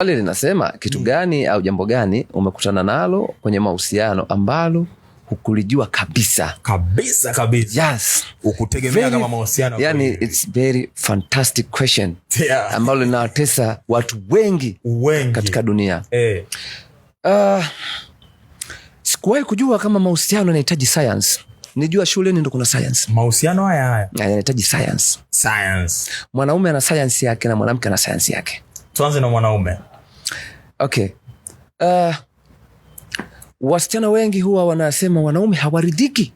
Swali linasema kitu mm. gani mm. au jambo gani umekutana nalo kwenye mahusiano ambalo hukulijua kabisa kabisa kabisa, yes, ukutegemea kama mahusiano yani, it's very fantastic question yeah, ambalo linawatesa watu wengi, wengi katika dunia eh. Uh, sikuwahi kujua kama mahusiano yanahitaji science. Nijua shuleni ndo kuna science. Mahusiano haya haya yanahitaji science. Science. Mwanaume ana science yake na mwanamke ana science yake. Tuanze na mwanaume. Okay. Uh, wasichana wengi huwa wanasema wanaume hawaridhiki,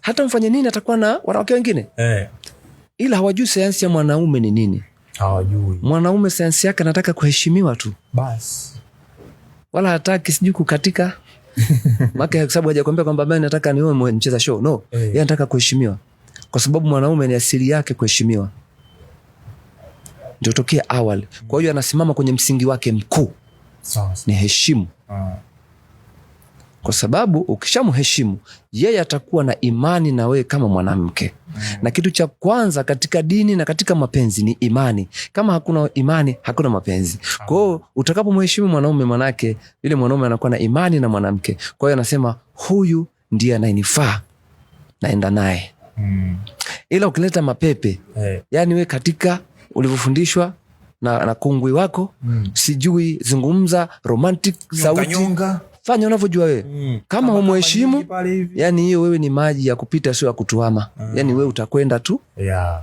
hata mfanye nini atakuwa na wanawake wengine eh. Ila hawajui sayansi ya mwanaume ni nini. Hawajui mwanaume sayansi yake, anataka kuheshimiwa tu bas, wala hataki sijui kukatika maka, kwa sababu hajakwambia kwamba mimi nataka niwe mcheza show no eh. Yeye anataka kuheshimiwa kwa sababu mwanaume ni asili yake kuheshimiwa, ndio tokea awali. Kwa hiyo anasimama kwenye msingi wake mkuu ni heshimu, ah. kwa sababu ukishamheshimu yeye atakuwa na imani na wewe kama mwanamke mm. Na kitu cha kwanza katika dini na katika mapenzi ni imani. Kama hakuna imani, hakuna mapenzi. Ah. Kwa hiyo utakapomheshimu mwanaume, manake yule mwanaume anakuwa na imani na mwanamke, kwa hiyo anasema huyu ndiye anayenifaa, naenda naye mm. Ila ukileta mapepe hey. Eh. Yani we katika ulivyofundishwa na, na kungwi wako mm. sijui zungumza romantic sauti Fanya unavyojua wewe mm. kama humuheshimu, yani hiyo wewe ni maji ya kupita, sio ya kutuama mm. Ah. yani wewe utakwenda tu yeah.